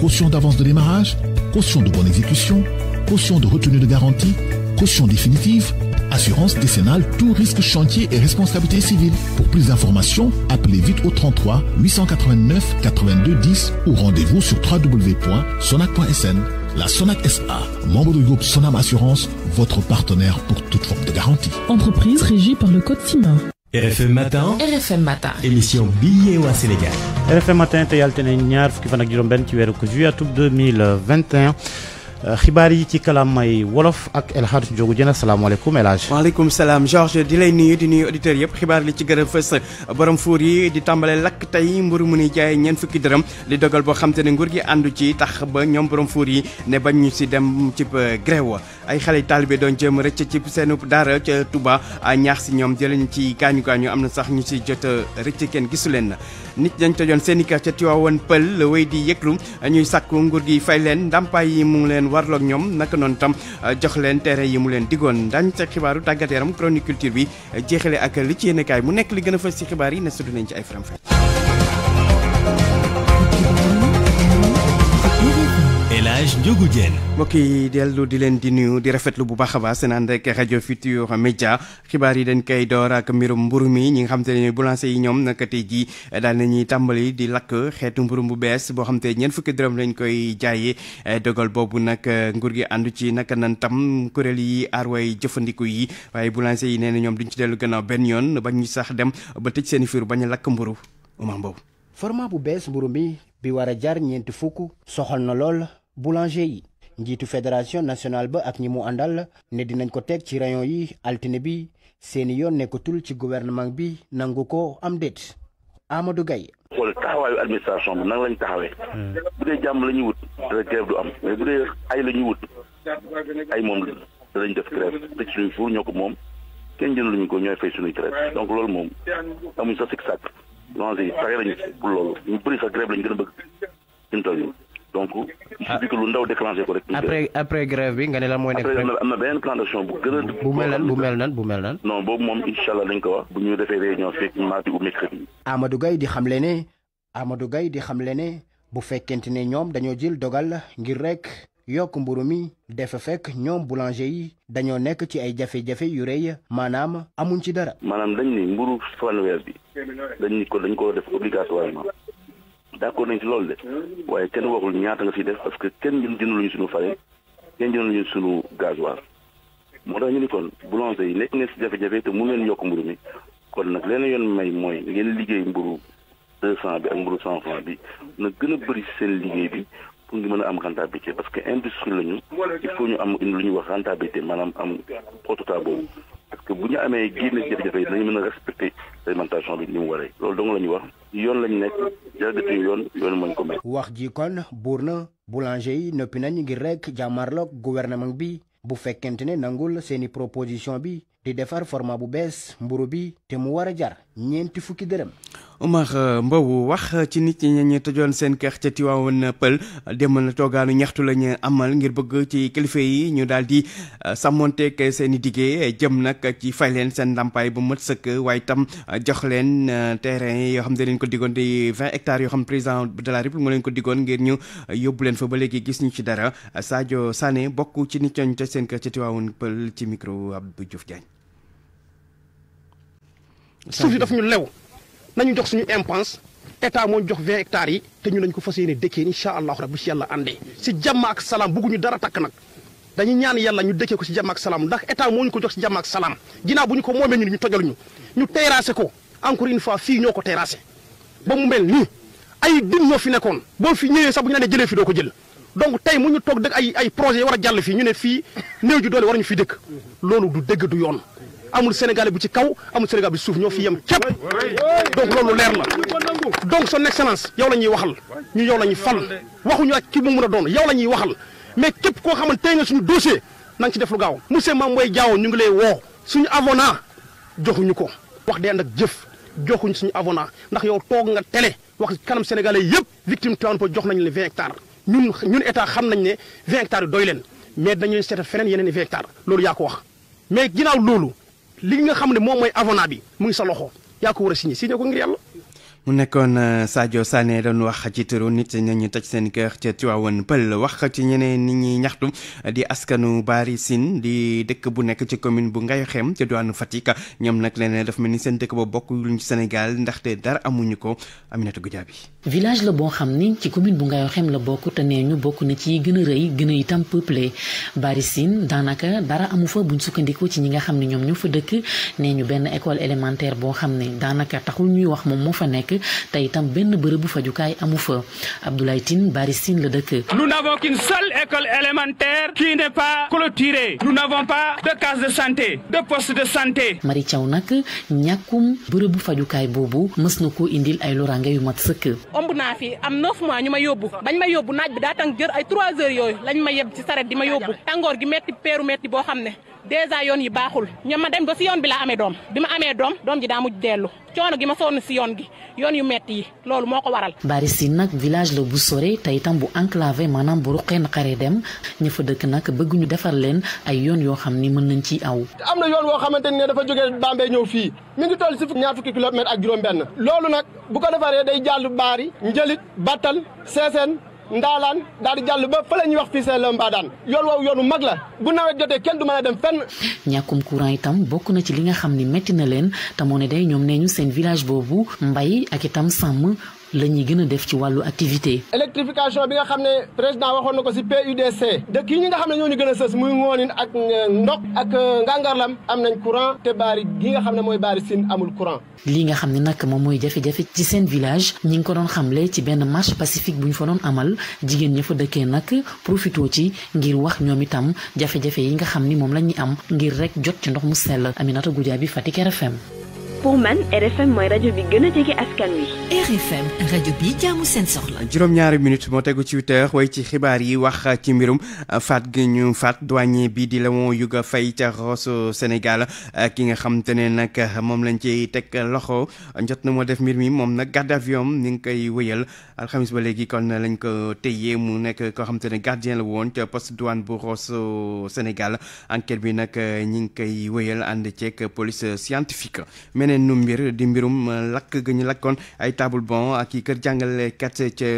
caution d'avance de démarrage, caution de bonne exécution, caution de retenue de garantie, caution définitive, assurance décennale, tout risque chantier et responsabilité civile. Pour plus d'informations, appelez vite au 33 889 82 10 ou rendez-vous sur www.sonac.sn. La Sonac SA, membre du groupe Sonam Assurance, votre partenaire pour toute forme de garantie. Entreprise régie par le Code SIMA. RFM Matin RFM Matin émission ou au Sénégal RFM Matin Tayal yàlla nyarf ne ñaar fukki un ben, ci 2021 xibaar yi ci kàllaamay wolof ak El Hadj Ndiogou Diène asalaamaaleykum El Hadj. waaleykum salaam Georges di lay nuyu di nuyu auditeurs yëpp xibaar li ci gën a fës borom fuur yi di tàmbale lakk tey mburu mu ni jaay ñeent fukki dërëm di dogal boo xam te ne nguur gi àndu ci tax ba ñoom borom fuur yi ne bañ ñu si dem cib wa ay xale taalibe doon jëm rëcc ci seenu daara ca tubaa ñaax si ñoom jëlee ñu ci gaañu gaañu am na sax ñu si jot rëcc kenn gisu leen na nit dañ tojoon seen i kër ca Tiwaawan Pël wey di yëglu ñuy sàkku nguur gi fay leen ndàmpaay yi mu ngi leen warloog ñoom naka noonu tam jox leen terrain yi mu leen digoon daañu ca xibaaru tàggat yaram chronique culture bi jeexale ak li ci yéenekaay mu nekk li gën a fës ci xibaar yi ne sudu nañ ci ay faram Elage Ndiogou Diène mbokk yi di leen di nuyu di rafetlu bu baax a baax seen ànd ak rajo Futur Média xibaar yi dañ koy door ak mbirum mburu mi ñi nga xam te ne yi ñoom tey eh, daal nañuy tàmbali di lakk xeetu mburum bu bees boo xam te ñeent fukki dërëm lañ koy jaayee eh, dogal boobu eh, nguur gi ci nan tam kuréel yi aar way jëfandiku yi waaye boulanger yi nee na ñoom duñ ci dellu gannaaw benn yoon bañ ñu sax dem ba tëj seen fiir bañ a lakk mburu format bu bees mburu mi bi jar fukk soxal na lool boulanger yi njiitu fédération nationale ba ak ñi mu àndal ne dinañ ko teg ci rayon yi altine bi seeni yoon nekkatul ci gouvernement bi nangu ko am déet Amadou Gaye xool taxawaayu administration bi nan lañ taxawee hmm. bu dee jàmm la ñuy wut dara grève du am mais bu dee ay lañuy wut ay moom danañ def grève tëj suñuy fuur ñoo ko moom kenn jënd luñu ko ñooy fay suñuy traite donc loolu moom amuñ sa sikk sàkk longe yi pour loolu ñu bëri sax grève a bëgg donc il ah. suffit que lu ndaw déclenché ko après après grève bi nga ne lan mooy nekk. après am na plan d'action bu gën a. bu mel bu mel nan bu mel nan. non boobu moom inshallah allah dañ ko wax. bu ñu defee réunion fekk mardi ou mercredi. Amadou Gaye di xamle Amadou Gaye di xamle ne bu fekkente ne ñoom dañoo jël dogal ngir rek yokk mburu mi dafa fekk ñoom boulanger yi dañu nek ci ay jafé jafé yu reey manam amuñ ci dara. manam dañ ni mburu fanweer bi dañ ni ko dañ ko def obligatoirement. d'accord nañ ci loolu de waaye kenn waxul ñaata nga ciy def parce que kenn ñun jëndaluñu suñu farine kenn jëndaluñu suñu gasoil moo tax ñu ni kon boulanger yi nekk ngeen si jafe-jafe te mun leen yokk mburu mi kon nag leen yoon may mooy ngeen liggéey mburu deux cent bi ak mburu cent bi na gën a bëri seen liggéey bi pour ngi mën a am rentabilité parce que industrie la ñu il faut ñu am lu ñuy wax rentabilité maanaam am ototaa boobu parce que bu ñu amee génne ci jafe-jafe yi mën a respecter alimentation bi ni mu loolu dong la ñu wax yoon lañu nekk jalgati yoon yoon mooñ ko may. wax ji kon buur na boulanger yi noppi nañ ngir rekk jàmmarloog gouvernement bi bu fekkente ne nangul seeni proposition bi di defar format bu bees mburu bi te mu war a jar ñeenti fukki dërëm. Omar euh, Mbow wax ci nit ñi ñu tëjoon seen kër ca Tiwaawoon Pël dem na toogaanu ñaxtu la ñu amal ngir bëgg ci kilifa yi ñu daal di euh, sàmmonteeg seen i diggé jëm nag ci fay leen seen ndàmpaay bu mat sëkk waaye itam euh, jox leen terrain yoo xam ne leen ko diggoon di vingt hectares yoo xam président de la république mu leen ko diggoon ngir ñu yóbbu leen fa ba léegi gis ñu ci dara Sadio Sané bokk ci nit ñooñu tëj seen kër ca Tiwaawoon Pël ci micro Abdou bu Diagne. suuf nañu jox suñu impense état moo jox 20 hectares yi te ñu lañ ko fas yéene dëkkee incha allahu rabbi si yàlla àndee si jàmm ak salaam bugguñu dara takk nag dañu ñaan yàlla ñu dëkkee ko si jàmm ak salaam ndax état moo ñu ko jox si jàmm ak salaam ginnaaw bu ñu ko moomee ñu ñu tojal ñu ñu terrassé ko encore une fois fii ñoo ko terrassé ba mu mel nii ay din ñoo fi nekkoon boo fi ñëwee sax bu ñu nee jëlee fi doo ko jël donc tey mu ñu toog dëkk ay ay projet war a jàll ñu ne fii néew ju doole war ñu fi dëkk loolu du dëgg du yoon amul Sénégalais bu ci kaw amul Sénégal bu ci suuf ñoo fi yem képp donc loolu leer la donc son excellence yow la ñuy waxal ñu yow la ñuy fal waxuñu ak ki mu mën a doon yow la ñuy waxal mais képp koo xamante tey nga suñu dossier na nga ci def lu gaaw monsieur Mame Boye Diao ñu ngi lay woo suñu avona joxuñu ko wax dee nag jëf joxuñu suñu avona ndax yow toog nga télé wax kanam sénégalais yëpp victime Tivaouane Peulh jox nañu leen 20 hectares ñun ñun état xam nañ ne 20 hectares yu leen mais dañu leen feneen yeneen i 20 hectares loolu yaa ko wax mais ginnaaw loolu li nga xam ne moom mooy avenant bi mu ngi sa loxo yaa ko war a signé signé ko ngir yàlla. mu nekkoon euh, Sadio Sané doon wax ci turu nit ñi taj seen kër ca Tivaouane Pël wax ci ñeneen nit ñi ñaxtu di askanu baari Sine di dëkk bu nekk ci commune bu Ngayoxem ca diwaanu Fatick ñoom nag leneen daf mel ni seen dëkk ba bokk luñ Sénégal ndaxte dara amuñu ko Aminata bi village la boo xam ni ci commune bu Ngayokhème la bokk te nee ñu bokk na ci gën a rëy gën a itam peuplé bari siin daanaka dara amu fa buñ sukkandiku ci ñi nga xam ne ñoom ñoo fa dëkk nee ñu benn école élémentaire boo xam ne daanaka taxul ñuy wax moom moo fa nekk te itam benn bërëbu fajukaay amu fa Abdoulaye Tine bari siin la dëkk. nous n'avons qu'une seule école élémentaire qui n'est pas clôturée nous n'avons pas de case de santé de poste de santé. Marie Thiaw nag ñàkkum bërëbu fajukaay boobu mës na indil ay loraange yu mat sëkk. omb naa fi am 9 mois ñu ma yóbbu bañ ma yóbbu naaj bi daatan tàng jër ay 3 heures yooyu lañ ma yeb ci saret di ma yóbbu tàngoor gi metti peeru metti boo xam ne dèjà yoon yi baaxul ñoom ma dem ba si yoon bi laa amee doom bi ma amee doom doom ji daa mujj dellu coono gi ma sonn si gi yoon yu metti yi loolu moo ko waral. Bari Sine nag village la bu sore te itam bu enclavé maanaam bu ruqee naqaree dem ña fa dëkk nag bëgguñu defar leen ay yoon yoo xam ni mën nañ ciy aw. am na yoon woo xamante ne dafa jógee Bambey ñëw fii mi ngi toll si ñaar fukki kilomètres ak juróom-benn loolu nag bu ko defaree day jàll baari njëlit battal ndaalaan daal di jàll ba fa la ñuy wax fii seen Mbadaan yoon woowu yoonu mag la bu nawet jotee kenn du mën a dem fenn. ñàkkum courant itam bokk na ci li nga xam ni métti na leen te moo ne day ñoom nee ñu seen village boobu mbay ak itam sàmm la ñuy gën a def ci wàllu activité. électrification bi nga xam ne président waxoon na ko si PUDC dëkk yi ñi nga xam ne ñoo ñu gën a sës muy Ngoonin ak euh, ndox ak euh, Ngangarlam am nañ courant te baari gi nga xam ne mooy baari Sine amul courant. lii nga xam ne nag moom mooy jafe-jafe ci seen village ñi ngi ko doon xamle ci benn marche pacifique bu ñu fa doon amal jigéen ña fa dëkkee nag profité ci ngir wax ñoom itam jafe-jafe yi nga xam ni moom la ñuy am ngir rek jot ci ndox mu sell Aminata Goudiaby Fatick RFM. pour man RFM mooy rajo bi gën a askan wi. RFM radio bi jaamu seen soxla. juróom-ñaari minute mo tegu ci 8h way ci xibaar yi wax ci mbirum uh, fat gi ñu faat douanier bi di la Léon Yuga fay ca Rosso Sénégal uh, ki nga xam te ne nag uh, lañ ci teg loxo njot na mo def mbir mi moom nag garde avion ni ngi koy wëyel alhamis ba légui kon lañ ko teyé mu nekk ko xam te gardien la woon ci poste douane bu Rosso Sénégal enquête bi nak ñi ngi koy wëyel and ci police scientifique. meneen nu mbir di mbirum euh, lakk ga ñu lakkoon ay table bon ak i kër jàngalekat ca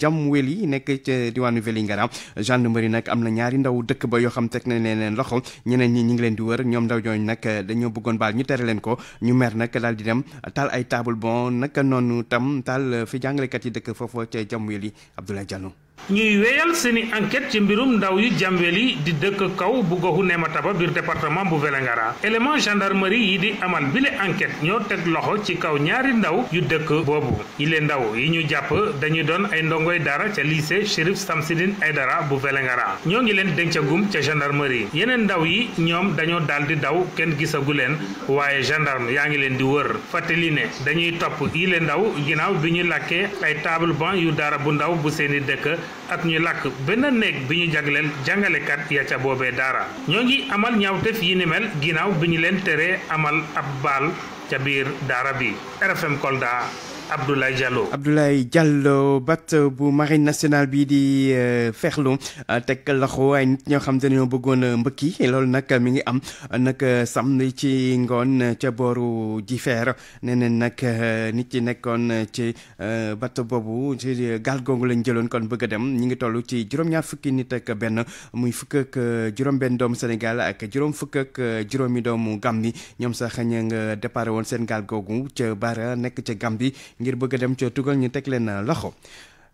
Jamweli nekk ca diwaanu Vélingara gendarmerie nag am na ñaari ndaw dëkk ba yoo xam teg nañ leen loxo ñeneen ñi ñu ngi leen di wër ñoom ndaw ñooñu nag euh, dañoo bëggoon baal ñu tere leen ko ñu mer nag daal di dem taal ay table bon naka noonu tam taal fi jàngalekat yi dëkk foofu ca Jamweli Abdoulaye Diallo ñuy wéyal seni enquête ci mbirum ndaw yu jambeli di dëkk kaw bu goxu nemataba bir département bu velengara élément gendarmerie yi di amal bile enquête ñoo teg loxo ci kaw ñaari ndaw yu dëkk boobu yile ndaw yi ñu jàpp dañu doon ay ndongoy dara ca lycée shérif samsidin aydara bu velengara ñoo ngi leen dencagum ca gendarmerie yeneen ndaw yi ñoom dañoo daal di daw kenn gisagu leen waaye gendarme yaa ngi leen di wër fàttali ne dañuy topp yile ndaw ginaaw bi ñu làkkee ay table banc yu dara bu ndaw bu seeni dëkk ak ñu làkk benn néeg bi ñu jagleel jàngalekat ya ca boobe daara ñoo ngi amal ñaawtef yi ni mel ginnaaw bi ñu leen teree amal ab baal ca biir daara bi RFM Kolda Abdoulaye Diallo. Abdoulaye Diallo bat bu marine nationale bii di euh, Ferlo euh, teg loxo ay nit ñoo xam dañoo bëggoon euh, mbëkki loolu nag mi ngi am nag samedi ci ngoon ca booru Jifeer nee nañ nag nit ñi nekkoon ci bat boobu ci gaal googu lañ jëloon kon bëgg a dem ñu ngi toll ci juróom-ñaar fukki nit ak benn muy fukk ak juróom-benn doomu Sénégal ak juróom fukk ak juróomi doomu Gambie ñoom sax ña nga déparé woon seen gaal googu ca Bara nekk ca Gambie. ngir bëgg a dem ca tugal ñu teg leen uh, loxo.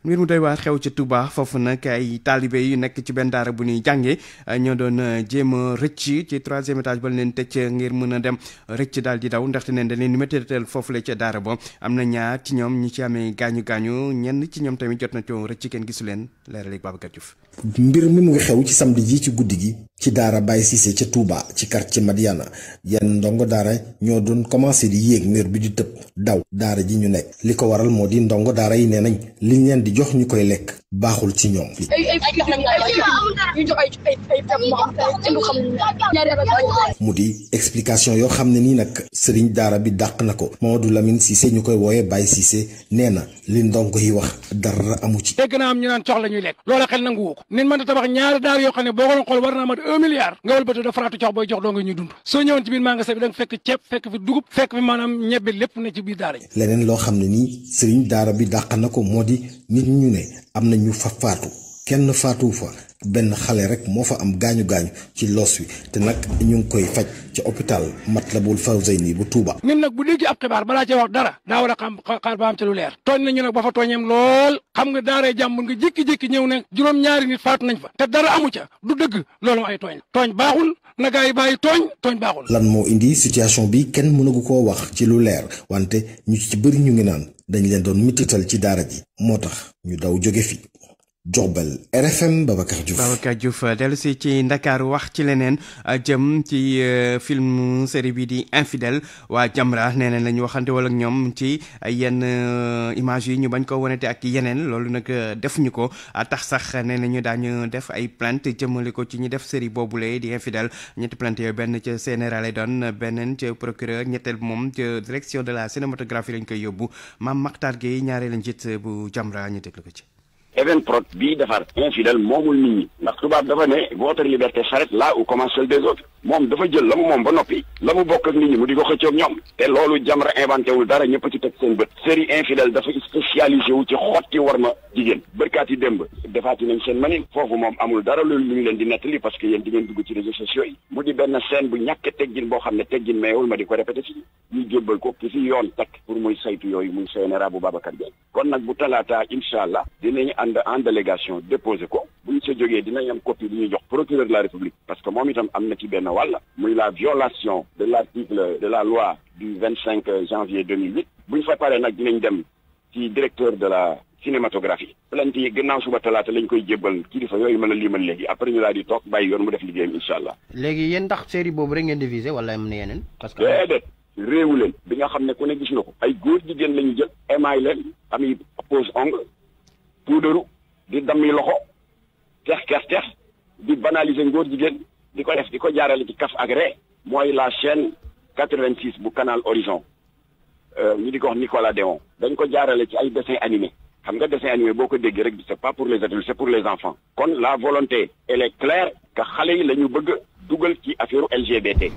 mbir mu doy waar xew ca Touba foofu nag ay taalibe yu nekk ci benn daara bu ñuy jàngee uh, ñoo doon uh, jéem a rëcc ci troisième étage ba leen tëj ngir mën a dem rëcc daal di daw ndaxte neen da leen di météo foofu la ca daara ba am na ñaar ci ñoom ñi ci amee gaañu gaañu ñenn ci ñoom tamit jot na coow rëcc kenn gisu leen leeral ak Babacar Diouf. mbir mi mu ngi xew ci samedi ji ci guddi gi. ci daara Baye Cissé ca Touba ci quartier Madiana yenn ndongo daara ñoo doon commencé di yéeg mur bi di tëb daw daara ji ñu nekk li waral moo di ndongo dara yi nee nañ liñ di jox ñu koy lekk baaxul ci ñoom. mu di explication yoo xam ne nii nag sëriñ bi dàq na ko Mamadou Lamine Cissé ñu koy wooyee Cissé nee li ndongo yi wax dara amu ci. dégg naa am ñu naan cox la ñuy lekk xel nangu ko. nit tabax ñaari war un milliard nga wëlbati da faraatu cox booy jox doo nga ñuy dund soo ñëwoon ci biir magasin bi da nga fekk ceeb fekk fi dugub fekk fi maanaam ñebbe lépp ne ci biir daara ji leneen loo xam ne nii sëriñ daara bi dàq na ko moo di nit ñu ne am na ñu fa faatu kenn faatu fa benn xale rek moo fa am gaañu gaañu ci loos wi te nag ñu ngi koy faj ca hôpital Matlaboul Fawzayni bu Touba. ñun nag bu dégg ab xibaar balaa cee wax dara daa a xam xaar ba am ca lu leer tooñ nañu nag ba fa tooñeem lool xam nga daaree jàmbur nga jékki-jékki ñëw ne juróom-ñaari nit faatu nañ fa te dara amu ca du dëgg loolu ay tooñ tooñ baaxul na gaa yi bàyyi tooñ tooñ baaxul. lan moo indi situation bi kenn mënagu koo wax ci lu leer wante ñu ci bëri ñu ngi naan dañ leen doon mitital ci daara moo tax ñu daw jóge fi Diourbel RFM Babacar Diouf Babacar Diouf dellu si ci Ndakaaru wax ci leneen jëm ci e, film série bii di infidèle waa Jamra nee nañ la waxante wala ak ñoom ci yenn e, image yi ñu bañ ko wane wanete ak yeneen loolu nag e, def ñu ko tax sax nee nañu daañu def ay plainte jëmale ko ci ñu def série boobule di infidèle ñetti plainte yooyu benn ca CNRA lay doon beneen ca procureur ñetteel moom ca direction de la cinématographie lañ koy yóbbu Mame Mactar Gueye ñaaree lañ jit bu Jamra ñu déglu ko ci Evenprod bii defar infidèle moomul nit ñi ndax tubaab dafa ne votre liberté s'arrête là où commence des autres moom dafa jël la mu moom ba noppi la mu bokk ak nit ñi mu di ko xëccoog ñoom te loolu Jamra inventé wul dara ñëpp ci teg seen bët série infidèle dafa spécialisé wu ci xotti war ma jigéen bërkaat yi démb defaati nañ seen manin foofu moom amul dara loolu lu ñu leen di nettali parce que yéen di ngeen dugg ci réseaux sociaux yi mu di benn scène bu ñàkk xam ne teggin mayewul ma di ko répété fii ñu jébbal ko saytu yooyu muy Seynera bu Babacar Diagne kon nag bu talaataa incha allah ànd en délégation déposé ko bu ñu sa joggé dinañ am copie bu ñuy jox procureur de la république parce que mom itam am na ci ben wàll muy la violation de l'article de la loi du 25 janvier 2008 bu ñu fa paree nak dinañ dem ci directeur de la cinématographie plainte yi gannaaw suba talata lañ koy jébbal kilifa yooyu mën a limal légui après ñu daal di tok bàyyi yoon mu def liggéeyam insha allah. léegi yéen ndax série bobu rek ngeen diviser visé wala am na parce que déedéet réewu leen bi nga xamné ku ne gis na ko ay góor jigéen lañu jël émaay leen am yi pose ongle puudaru di dammi loxo tex tex tex di banaliser ngóor de di ko def di ko jaarale ci kaf ak moi et la chaîne 86 bu canal Horizon euh, ñu di Nicolas Déon dañ ko jaarale ci ay dessins animés xam des dessins animés beaucoup de c'est pas pour les adultes c'est pour les enfants kon la volonté elle est claire que les yi la Google bëgg affirme LGBT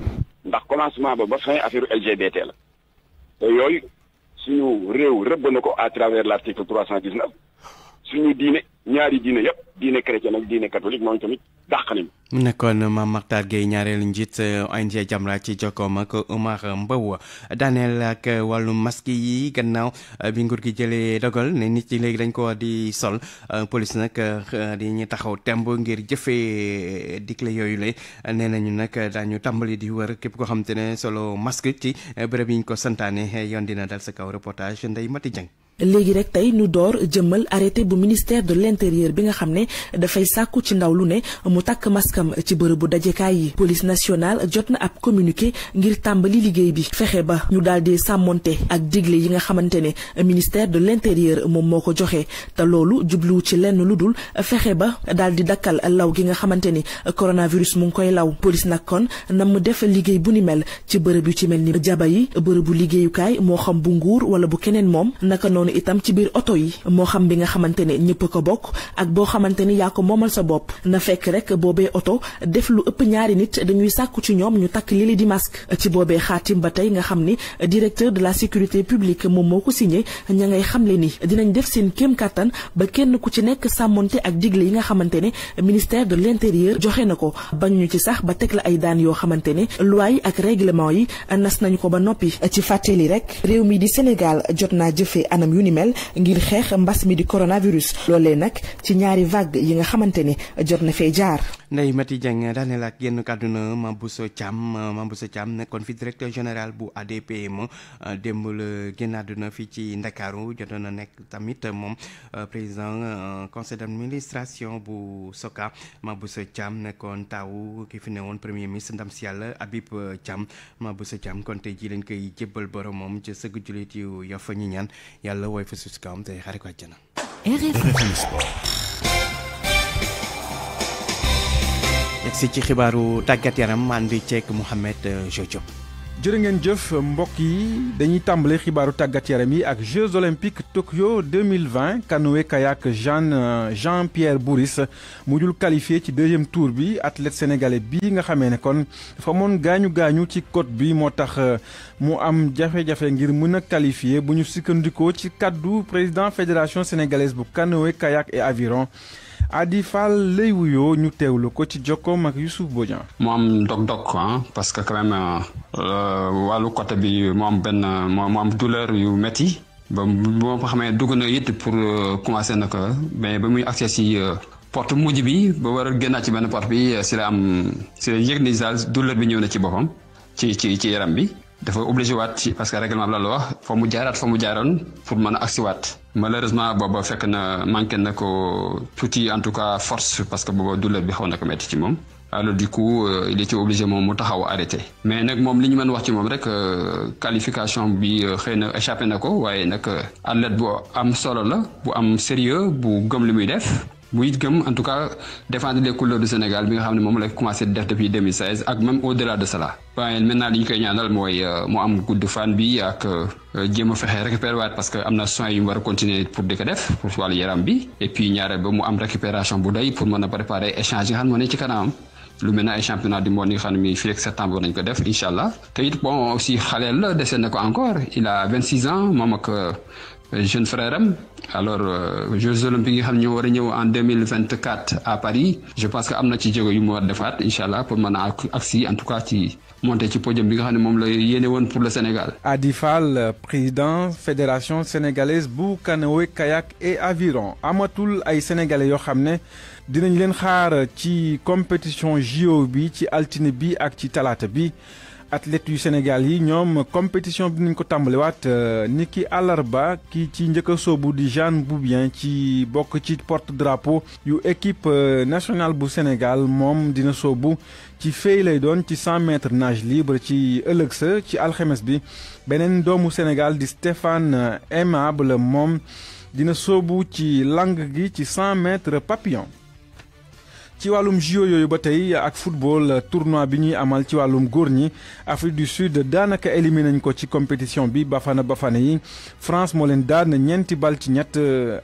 ndax commencement ba ba fin LGBT la si vous nous réew rëbb à travers l'article 319 suñu diine ñaari diine yëpp diine chrétien ak diine catholique noonu tamit dàq nañu. mu nekkoon Mame Mactar Guèye ñaareelu njiit ONG euh, Jamra ci jokkoom ak Omar Mbow daaneel ak wàllu masque yi gannaaw euh, bi nguur gi jëlee dogal ne nit yi léegi dañ ko di sol euh, police nag di ñu taxaw temb ngir jëfee digle yooyu la nee nañu nag daañu tàmbali di wër képp ko xam te ne solo masque ci bërëb yi ñu ko santaane yoon dina dal sa kaw reportage Ndeye Mati Dieng. léegi rek tey ñu door jëmmal arrêté bu ministère de l'intérieur bi nga xam ne dafay sàkku ci ndaw lu ne mu takk maskam ci bërëbu dajekaay yi police nationale jot na ab communiqué ngir tàmbali liggéey bi fexe ba ñu daal di sàmmonte ak digle yi nga xamante ne ministère de l'intérieur moom moo ko joxe te loolu jubluwu ci lenn lu dul fexe ba daal di dakkal law gi nga xamante ni coronavirus mu ngi koy law police nag kon na mu def liggéey bu ni mel ci bërëb yu ci mel ni jaba yi bërëbu liggéeyukaay moo xam bu nguur wala bu keneen moom noonu itam ci biir oto yi moo xam bi nga xamante ne ñëpp ko bokk ak boo xamante ni yaa ko moomal sa bopp na fekk rek boobee oto def lu ëpp ñaari nit dañuy sàkku ci ñoom ñu takk lili di masque ci boobee xaatim ba tey nga xam ni directeur de la sécurité publique moom moo ko signé ña ngay xamle ni dinañ def seen kéem kattan ba kenn ku ci nekk sàmmonte ak digle yi nga xamante ne ministère de l'intérieur joxe na ko bañ ñu ci sax ba teg la ay daan yoo xam ne loi yi ak yi nas nañu programme yu ni mel ngir xeex mbas mi di coronavirus loolee nag ci ñaari vague yi nga xamante ni jot na fee jaar. Ndeye Mati Dieng daaneel ak yenn kàddu na Maboussa Thiam Maboussa Thiam nekkoon fi directeur général bu ADPM démb la génn àdduna fii ci Ndakaaru jotoon na nekk tamit moom euh, président euh, conseil d'administration bu Soka Maboussa Thiam nekkoon taaw ki fi ne woon premier ministre ndam si yàlla Habib euh, Thiam Maboussa Thiam kon tey jii lañ koy jébbal borom moom ci sëgg jullit yu ya fa ñu ñaan la woy fa sus kaam te xare ko àjjana yegsi ci xibaaru tàggat yaram ànd ceeg Mouhamed Jojo jërë ngeen jëf mbokk yi dañuy tàmbale xibaaru tàggat yaram yi ak Jeux olympiques Tokyo 2020 canoë kayak Jean euh, Jean Pierre Bouris mujjul qualifié ci deuxième tour bi athlète sénégalais bi nga xamee ne kon dafa amoon gaañu gaañu ci code bi moo tax euh, mu am jafe-jafe ngir mën a qualifié bu ñu sukkandikoo ci kaddu président fédération sénégalaise bu canoë kayak et aviron. Adi Fall lay wuyoo ñu teewlu ko ci jokkoom ak Youssouf Bodian. mu am dog-dog ah parce que quand même euh, euh, wàllu côté bi mu am benn mu am douleur yu métti. ba moo ko xamee dugg na it pour euh, commencer nag mais ba muy accès si porte mujj bi ba war a génnaat ci benn port bi si la am si la yëg ni daal douleur bi ñëw na ci boppam ci ci ci yaram bi. dafa obligé waat ci parce que règlement bi la la wax fa mu jaaraat fa mu jaaroon pour mën a agsi waat malheureusement booba fekk na manqué na ko tuuti en tout cas force parce que booba douleur bi xaw na ko ci moom alors du coup euh, il était obligé moom mu taxaw arrêté mais nag moom li ñu mën wax ci moom rek euh, qualification bi euh, xëy na échappé na ko waaye nag athlète bu am solo la bu am sérieux bu gëm li muy def buy gëm en tout cas défendre les couleurs du Sénégal bi nga xam ne moom la commencé def depuis 2016 ak même au delà de cela waaye maintenant li ñu koy ñaanal mooy euh, mu am gudd fan bi ak euh, jéem a fexe récupérer waat parce que am na soins yu mu war a continuer pour di ko def pour wàllu yaram bi et puis ñaareel ba mu am récupération bu doy pour mën a préparer échange yi nga xam ne ci kanamam lu mel ne ay championnat du monde yi nga xam ne mi fii septembre nañ ko def incha allah te it bon aussi xaleel la dese na ko encore il a 26 ans moom ak euh, jeune frère alors euh, Jeux olympiques yi en 2024 à Paris je pense que nous avons ci un yu pour mën a en tout cas ci monté ci podium bi nga xam ne pour le Sénégal. Adi Fall président fédération sénégalaise Bou, canoë kayak et aviron Amatoul, ay sénégalais yoo xam nous avons leen xaar compétition JO qui ci altine bi ak athlètes du Sénégal yi compétition bi ñu ko euh, Niki wat Niki Alarba ki Jeanne Boubien ci porte ci drapeau yu équipe euh, nationale bu Sénégal mom dina sobu ci fey lay ci 100 mètres nage libre ci ëllëg sa ci alxemes bi benen doomu Sénégal di Stéphane euh, Aimable mom dina sobu ci langue gi ci 100 mètres papillon ci walum JO yooyu ak football tournoi bi ñuy amal ci walum góor Afrique du Sud danaka éliminé une ko ci compétition bi Bafana Bafana France mo len daan ñeenti ci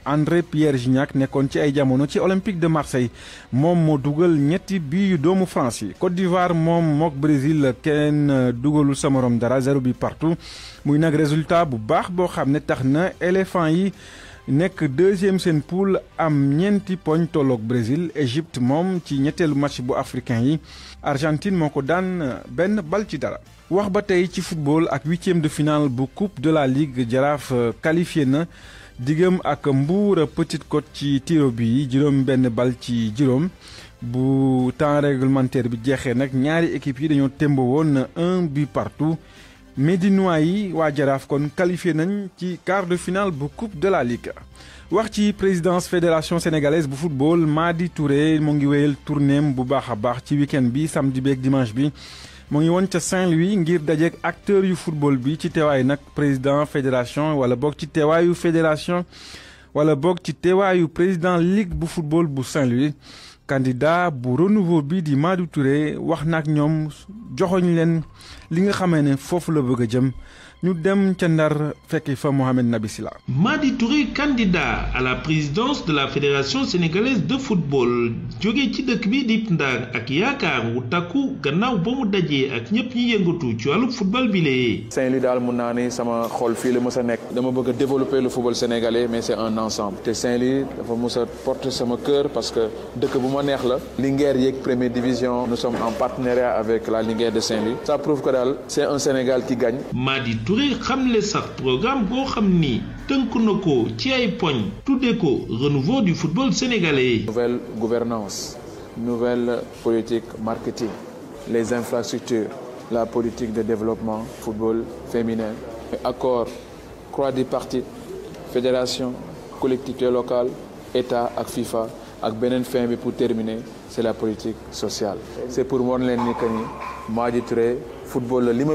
André Pierre Gignac nekkon ci ay jamono ci Olympique de Marseille mom mo duggal ñetti bi yu doomu France Côte d'Ivoire mom mok Brésil ken dugalul samorom morom dara zéro bi partout muy nak résultat bu baax bo xam ne éléphant yi Nek deuxième seen poule am ñenti poñ log Brésil Égypte qui ci ñettelu match bu africain yi Argentine moko ko daan euh, benn bal ci dara. wax ba tay ci football ak huitième de finale bu coupe de la ligue girafe euh, qualifié na diggam ak Mbour euh, Petite Côte ci tiro bi juróom benn bal ci juróom. bu temps réglementaire bi jexé nak ñaari équipe yi dañu témbo won un but partout. Médinois Wadjaraf, qu'on qualifie kon qui quart de finale bu coupe de la ligue wax ci présidence fédération sénégalaise de football Madi Touré mu Tournem, wéyal tournéem week bi samedi bi, dimanche bi mu ngi Saint-Louis ngir Dadjek, acteur yu football bi ci nak, président fédération wala boog ci fédération wala boog ci teewaayu président ligue bu football bu Saint-Louis. candidat bu renouveau bii di Madou ture wax na ak ñoom joxoñ leen li nga xamee ne foofu la bëgg a jëm ñu dem ca ndar Mohamed Nabi Madi Touré candidat à la présidence de la fédération sénégalaise de football jóge ci dëkk bi di Ndar ak yaakaar wu takku gannaaw ba mu dajee ak ñëpp ñi yëngatu ci walu football bi lé Saint-Louis dal mu naani sama xol fi le mësa dama bëgg développer le football sénégalais mais c'est un ensemble. té Saint-Louis dafa mësa porter sama cœur parce que dëkk bu ma neex la. Linguère yeeg première division nous sommes en partenariat avec la Linguère de Saint-Louis. ça prouve que dal c'est un Sénégal qui gagne. Madi Touré sax programme boo xam ni renouveau du football sénégalais. nouvelle gouvernance nouvelle politique marketing les infrastructures la politique de développement football féminin accord croix parties fédération collectivité locale état ak FIFA ak pour terminer c'est la politique sociale. c'est pour moi, leen ni football la li ma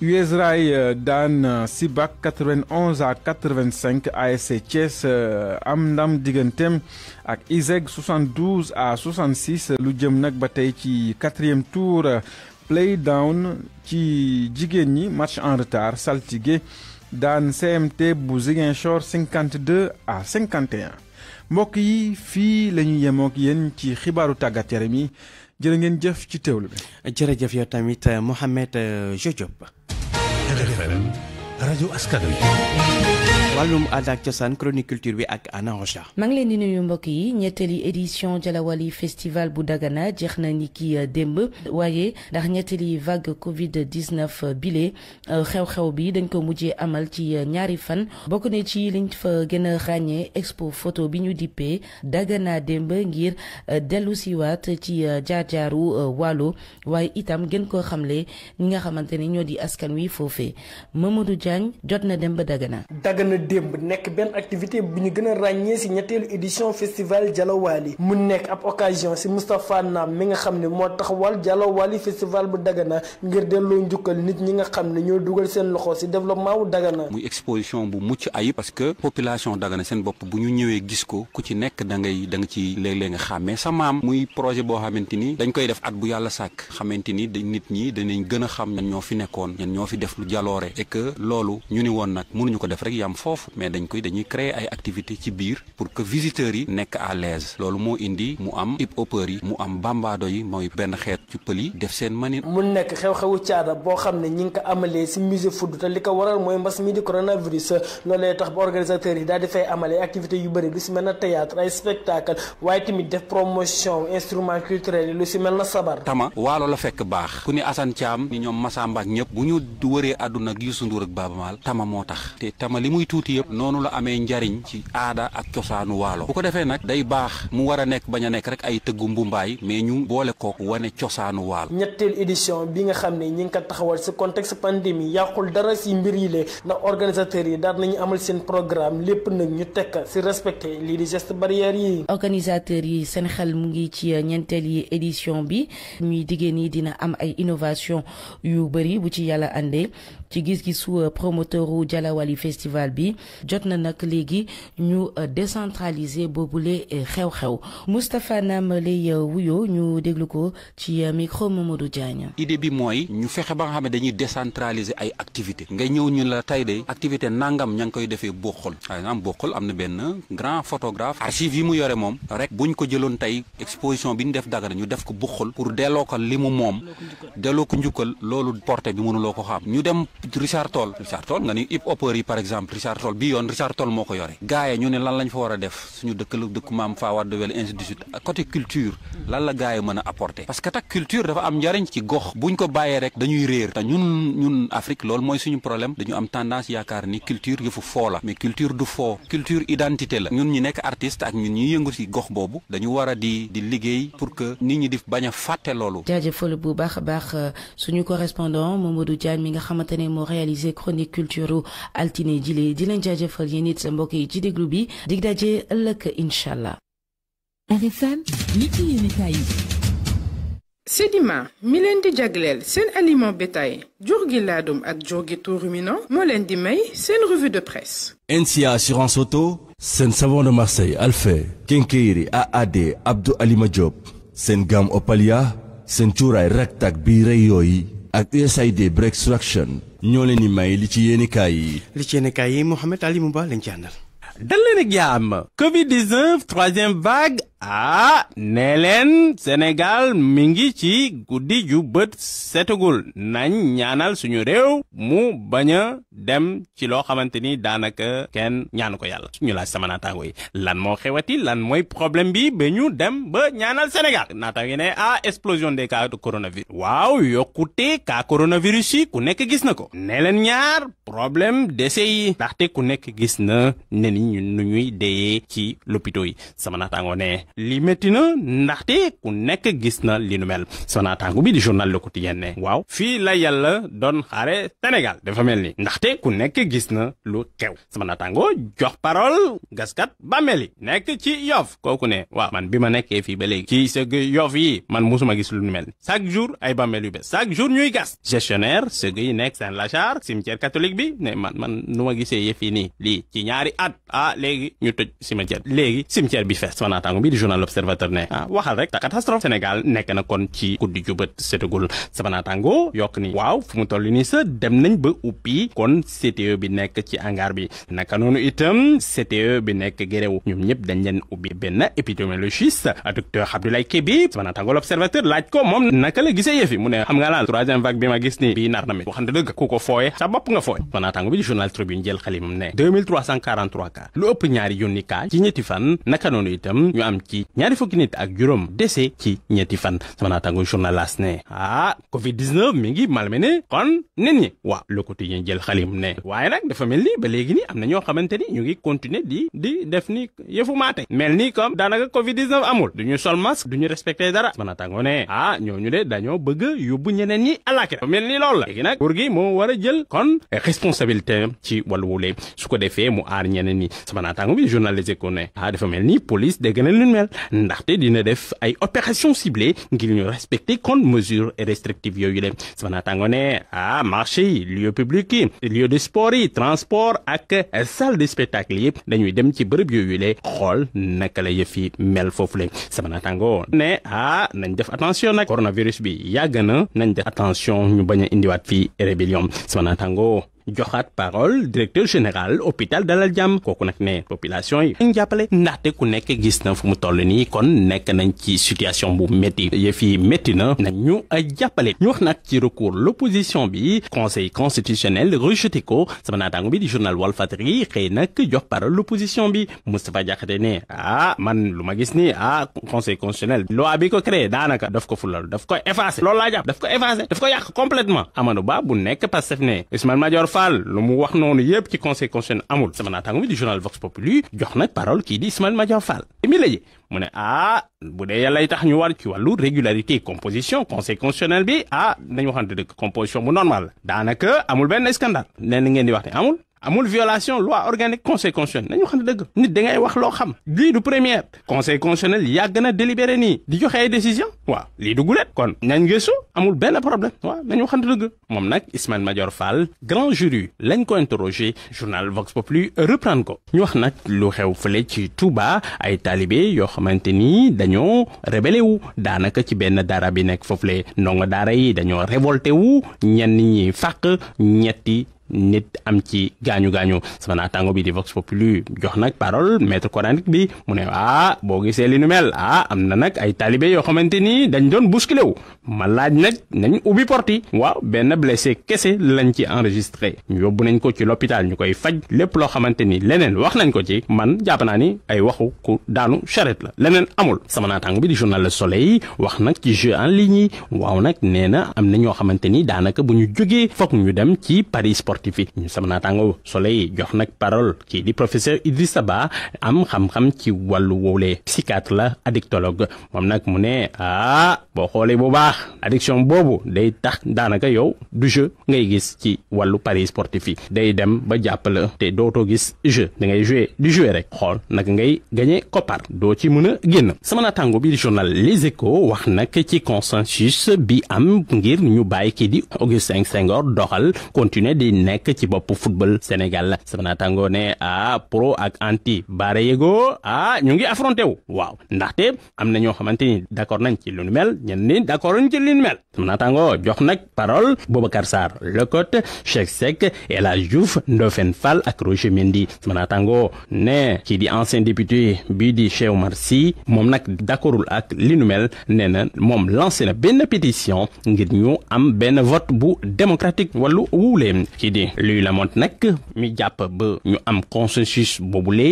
USRAI euh, dan euh, Sibak 91 à 85 ASC Thiès euh, Amdam Digentem, ak ISEG 72 à 66 lujem jëm qui quatrième tour play down qui digeni match en retard Saltigé, dan CMT bu 52 à 51 Moki fi le Mokyen, qui yemook jërë ngeen jëf ci teewlu bi. jërëjëf yow tamit Mouhamed Diop. Euh, rajo askan wi. wàllum aada ak cosaan chronique culture bi ak Anna Rocha. leen di nuyu mbokk yi ñetteeli édition Jalawali festival bu Dagana jeex na ni ki euh, démb waaye ndax ñetteeli vague Covid 19 euh, bile euh, xew-xew bi dañ ko mujjee amal ci ñaari fan bokk na ci liñ fa gën a ràññee expo photo bi ñu dippee Dagana démb ngir dellu siwaat ci jaar-jaaru Waalo waaye itam gën koo xamle ñi nga xamante ni ñoo di askan wi foofee Diagne jot na dem ba Dagana. Dagana démb nekk benn activité bu ñu gën a ràññee si édition festival Jalawali mu nekk ab occasion si Mustafa na mi nga xam ne taxawal Jalawali festival bu Dagana ngir delloo njukkal nit ñi nga xam ñoo dugal seen loxo si développement wu Dagana. muy exposition bu mucc ayib parce que population Dagana seen bopp bu ñu ñëwee gis ko ku ci nekk da ngay da nga ci léeg-léeg nga xàmmee sa maam muy projet boo xamante ni dañ koy def at bu yàlla sàkk xamante nit ñi danañ gën xam ñan ñoo fi nekkoon ñan ñoo fi def lu jaloore et que loolu ñu ni woon nag mënuñu ko def rek yam foofu mais dañ koy dañuy créer ay activités ci biir pour que visiteurs yi nekk à l'aise loolu moo indi mu am hip-hopeurs yi mu am bambaado yi mooy benn xeet ci pël yi def seen manin mu nekk xew-xewu caada boo xam ne ñi ngi ko amalee si musée Fudd te li ko waral mooy mbas mi di coronavirus loolee tax ba organisateurs yi daal di fay amalee activités yu bëri lu si mel na théâtre ay spectacle waaye tamit def promotion instrument la fekk baax ku ni Assane Thiam ni ñoom Massamba Baaba Maal tama moo tax te tama li muy tuuti yëpp noonu la amee njariñ ci aada ak cosaanu waalo bu ko defee nag day baax mu war a nekk bañ a nekk rek ay tëggu mbumbaay mais ñu boole ko wane cosaanu waalo ñetteelu édition bi nga xam ne ñi ngi ko taxawal si contexte pandémie yàqul dara si mbir yi lee ndax organisateurs yi daal nañu amal seen programme lépp nag ñu tekk si respecté lii di geste barrière yi organisateur yi seen xel mu ngi ci ñeenteel yi édition bi ñuy diggéen yi dina am ay innovation ci gis-gisu euh, promoteuru Dialawali festival bi jot na nag léegi ñu euh, décentraliser boobule euh, xew-xew Mustapha Nam lay wuyoo ñu déglu ko ci micro Mamadou Diagne. idée bi moy ñu fexé ba nga xam dañuy décentraliser ay activités nga ñew ñu la tay dé activité nangam ñang koy défé Bokhol ay exemple Bokhol amna ben grand photographe archive yi mu yoré mom rek buñ ko jëlone tay exposition bi ñu def Dagana ñu def ko Bokhol pour delloo limu mom mu moom lolu ko porté bi mënu loko xam ñu dem Richard Toll Richard Toll nga ni hip hopper par exemple Richard Toll bi yoon Richard Toll moo ko yore gars yi ñu ne lan lañ fa war a def suñu dëkk lu dëkk maam Fawad de wel ainsi côté culture lan la gars yi apporter parce que tak culture dafa am njariñ ci gox buñ ko bàyyee rek dañuy réer te ñun ñun Afrique loolu mooy suñu problème dañu am tendance yaakaar ni culture yëfu foo la mais culture du foo culture identité la ñun ñi nekk artiste ak ñun ñuy yëngu si gox boobu dañu war di di liggéey pour que nit ñi di bañ a fàtte loolu jaajëfal bu baax a baax euh, suñu correspondant Mamadou Diagne mi nga xamante mo réalisé chronique culture altine dilé dilen leen jaajëfal yéen it mbokk yi ci déglu bi dig daje ëlëk inshallah. allah. RFM li ci yéenekaay yi. Sedima mi di jaglel sen aliment bétail jur gi laadum ak jogi tourumino tout ruminant di may sen revue de presse. NCA assurance auto. sen savon de Marseille Alfé Kinkiri AAD Abdou Alima Diop. sen gamme Opalia sen touray raktak bi rey ak USAID Breakthrough ñoo leen di may li ci yéenekaay yi. li ci yéenekaay yi Mouhamed Ali Mouba lañ ci àndal. dal leen ak jàmm. Covid 19 troisième vague. aa ah, nee leen Sénégal mi ngi ci guddi ju bët setagul nañ ñaanal suñu réew mu bañ a dem ci loo xamante ni daanaka kenn ñaanu ko yàlla suñu laaj sama naataango yi lan moo xewati lan mooy problème bi ba ñu dem ba ñaanal Sénégal naataango yi ne ah explosion des cas de coronavirus waaw yokkute cas coronavirus yi ku nekk gis na ko nee leen ñaar problème décès yi ndaxte ku nekk gis na ne ni ñu ñuy deyee ci lopito yi sama naataango ne li métti na ndaxte ku nekk gis na li nu mel sonaataangu bi di journal Le Quotidien ne waaw fii la yàlla doon xaare Sénégal dafa mel ni ndaxte ku nekk gis na lu xew sama naataango jox parole gaskat bàmmeel yi nekk ci yof kooku ne waaw man bi ma nekkee fii ba léegi ci sëgg yof yi man musuma gis lu nu mel ni chaque jour ay bàmmeel yu be chaque jour ñuy gas gestionnaire sëgg yi nekk Saint Lazare cimetière catholique bi ne man man nu ma gisee yëf yi nii lii ci ñaari at ah léegi ñu tëj cimetière léegi cimetière bi fees sama naataango bi journal observateur ne ah, waxal rek catastrophe Senegal, nekk na kon ci guddi jubat setagul sama natango yok ni waaw fu mu ni sa dem nañ ba uppi kon CTE bi nekk ci hangar bi naka noonu itam CTE bi nekk géréw ñoom ñëpp dañ leen ubbi benn épidémiologiste docteur Abdoulaye Kébé sama natango l'observateur laaj ko moom naka la gisee yëfi mu ne xam nga laal troisième vague bi ma gis ni bi nar na mi waxante dëgg ku ko fooye sa bopp nga fooye sama natango bi di journal tribune jël xalimam ne 2343 cas lu ëpp ñaari yunni cas ci ñetti fan naka noonu itam ñu am ki ɲarifukinit ak juróom dese ci ñetti fan samana tango journal las ah covid 19 mi ngi kon nit ñi waa le quotidien jël xalim ne waaye nag dafa mel ni ba léegi ni am ñu ngi continuer di di def ni yëfu melni kom ni comme covid 19 amul duñu sol masque duñu respecté dara samana tango né ah ñooñu danyo dañoo bëgg yóbbu ñeneen ñi alakira mel ni loolu la léegi gi moo kon responsabilité ci wàllu wule su ko defee mu aar ñeneen ñi sama naataango bi journaliste ko ne ah dafa ni police dégg na criminel ndaxte dina def ay opération ciblée ngir ñu respecter kon mesure restrictive yooyu le sama naataango ne ah marché lieu public yi lieu de sport yi transport ak salle de spectacle yi dañuy dem ci bëreub yooyu le xool naka la yëf mel foofu le sama naataango né ah nañ def attention nak coronavirus bi yagana na nañ def attention ñu baña indi wat fi rébellion sama naataango joxaat parole directeur général hôpital Dal Jam, kooku nag population yi dañ jàppale ndaxte ku nekk gis na fu mu toll nii kon nekk nañ ci situation bu métti yëf yi n'y na nañu jàppale ñu wax nag ci recours l'opposition bi conseil constitutionnel rejeté ko sama naataango bi di journal Walfatri, xëy nag jox parole l'opposition bi Moustapha ah man lu gis ah conseil constitutionnel lo abiko ko créé daanaka daf ko fulal daf ko effacé loolu laa jàpp daf ko effacé daf ko complètement Amadou Ba bu Fall lu mu wax noonu yépp ci conseil constitutionnel Amoul. sama naataango mi du journal Vox Populi jox na parole qui dit Ismaël Madior Fall mi laji mune ah bu dee yalla tax ñu war ci walu régularité composition conseil constitutionnel bi ah nañu waxante de composition bu normal danaka amul ben scandale nee ngeen di wax ne amul amul violation loi organique conseil constitutionnel nañu xam deug nit da ngay wax lo xam lii du première conseil constitutionnel yàgg na délibéré nii di joxe ay décision wa lii du guleet kon ñan gëstu amul ben problème wa nañu xam deug mom nak ismaël Ismaïla Madior Fall grand jury lañ ko interroger journal Vox Populi reprendre ko ñu wax nak lu xew fële ci Touba ay talibé yo xamanteni ni dañoo rébellé wu danaka ci ben dara bi nekk foofule ndongo dara yi dañoo révolté wu ñan ñi faq ñetti nit am ci gaañu gaañu sama naataango bi di vox populi jox nag parole maître coranique bi mu ne ah boo li nu mel ah amna nak ay taalibe yoo xamante ni dañ doon bousculé ma laaj nañ porti wa benn blessé kese lañ ci enregistré ñu yóbbu nañ ko ci l'hôpital ñu faj lépp loo xamante ni wax nañ ko ci man jàpp ni ay waxu ku daanu charrette la leneen amul sama naataango bi di journal le soleil wax nag ci jeu en ligne yi waaw nag ni daanaka ñu dem ci paris sport sportif sama tango soleil jox nak parole Qui di professeur Idrissa Ba am xam-xam ci wàllu psychiatre la addictologue mom nak mu ah bo xolé bu baax addiction Bobu, day tax danaka yow du jeu ngay gis ci walu paris sportif day dem ba jàppale te doto gis jeu da ngay jouer du jeu rek xol nak ngay gagner koppar do ci mën a sama bi di journal Les Échos wax nak ci consensus bi am ngir ñu qui dit di Augustin sengor doxal continuer di nek ci bop football Sénégal sama naataango ne ah pro ak anti baare ah ñu ngi affronté wu waaw té am na ño xamanteni d'accord nañ ci lu nu mel ñenn ni d'accord nañ ci lu nu mel sama naataango jox nak parole Boubacar Sarr le Cheikh Seck et la Diouf Ndofène Fall ak Roger Mendy sama naataango ne kii di ancien député bi di Cheikh Oumar Sy moom nag d'accordul ak li nu mel né na mom lancer na ben pétition ngir ñu am ben vote bu démocratique walu wuulee kii di bi luy la mont nag mi japp ba ñu am consensus boobule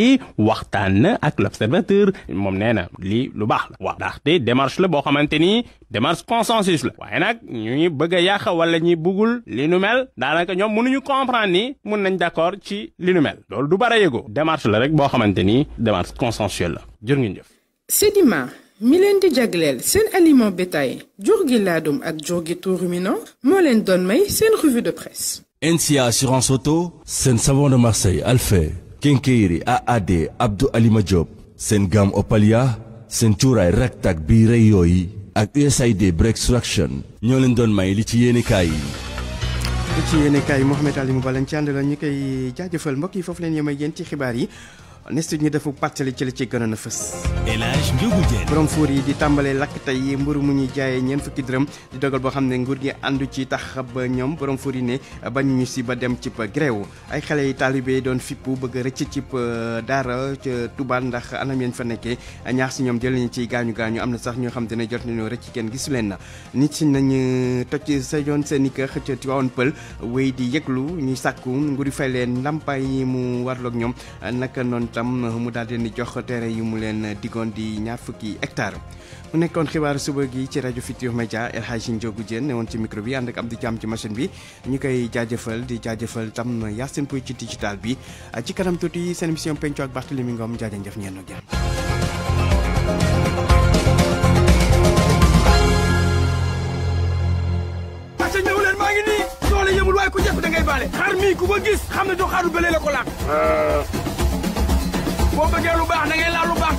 waxtaan ak l'observateur mom nee li lu bax la waaw ndaxte démarche la bo xamanteni démarche consensus la waaye nak ñuy bëgg a wala ñuy bugul li nu mel daanaka mënu ñu comprendre ni mun nañ d'accord ci li nu mel loolu du bara démarche la rek bo xamanteni démarche consensuelle la jër ngeen jëf Sedima mi leen di jagleel seen aliment bétail jur gi laadum ak jur gi tuuru minant moo leen doon may seen revue de presse NCA assurance auto seen savon de Marseille Alfay Kenkeyri AAD Abdou Alima Diop seen gamme Opalia seen cuuraay raktak bii rey yi ak USAID Breakthrough ñoo leen doon may li ci yéene kaay yi. li ci yéene kaay Mouhamed Ali Moubalan ci ànd la ñu koy jaajëfal mbokk yi foofu leen yemay yéen ci xibaar yi. liste ñu defu pàttali ci li ci gënoon a fës borom fuur yi di tàmbalee lakk tey mburu mu ñuy jaayee ñeent fukki dërëm di dogal boo xam ne nguur gi àndu ci tax ba ñoom borom fuur yi ne bañu ñu si ba dem cib gréew ay xale yi taalibe doon fippu bëgg rëcc ci daara ca Tuubaa ndax anam yeen fa nekkee ñaax si ñoom jël nañu ci gaañu gaañu am na sax ñoo xam te ne jot nañoo rëcc kenn gisu leen na nit si nañu toj sa yoon seen i kër ca Tiwaawan Pël wéy di yëglu ñuy sàkku nguur yi leen ndàmpaay yi mu warloog ñoom itam mu daal di jox terrain yi mu leen diggoon di ñaar fukki hectare mu nekkoon xibaaru suba gi ci rajo Futurs Médias El Hadji Ndiogou Diène ne woon ci micro bi ànd ak Abdou Thiam ci machine bi ñu koy jaajëfal di jaajëfal tam Yacine Pouy ci digital bi ci kanam tuuti seen émission penco ak Barthélémy Ngom jaajëf jëf ñeen ak waaye ku jëf da ngay baale xar mi ku ko gis xam ne doo xaaru bële la ko laaj. Euh, mau bagian rubah baax na ngay laal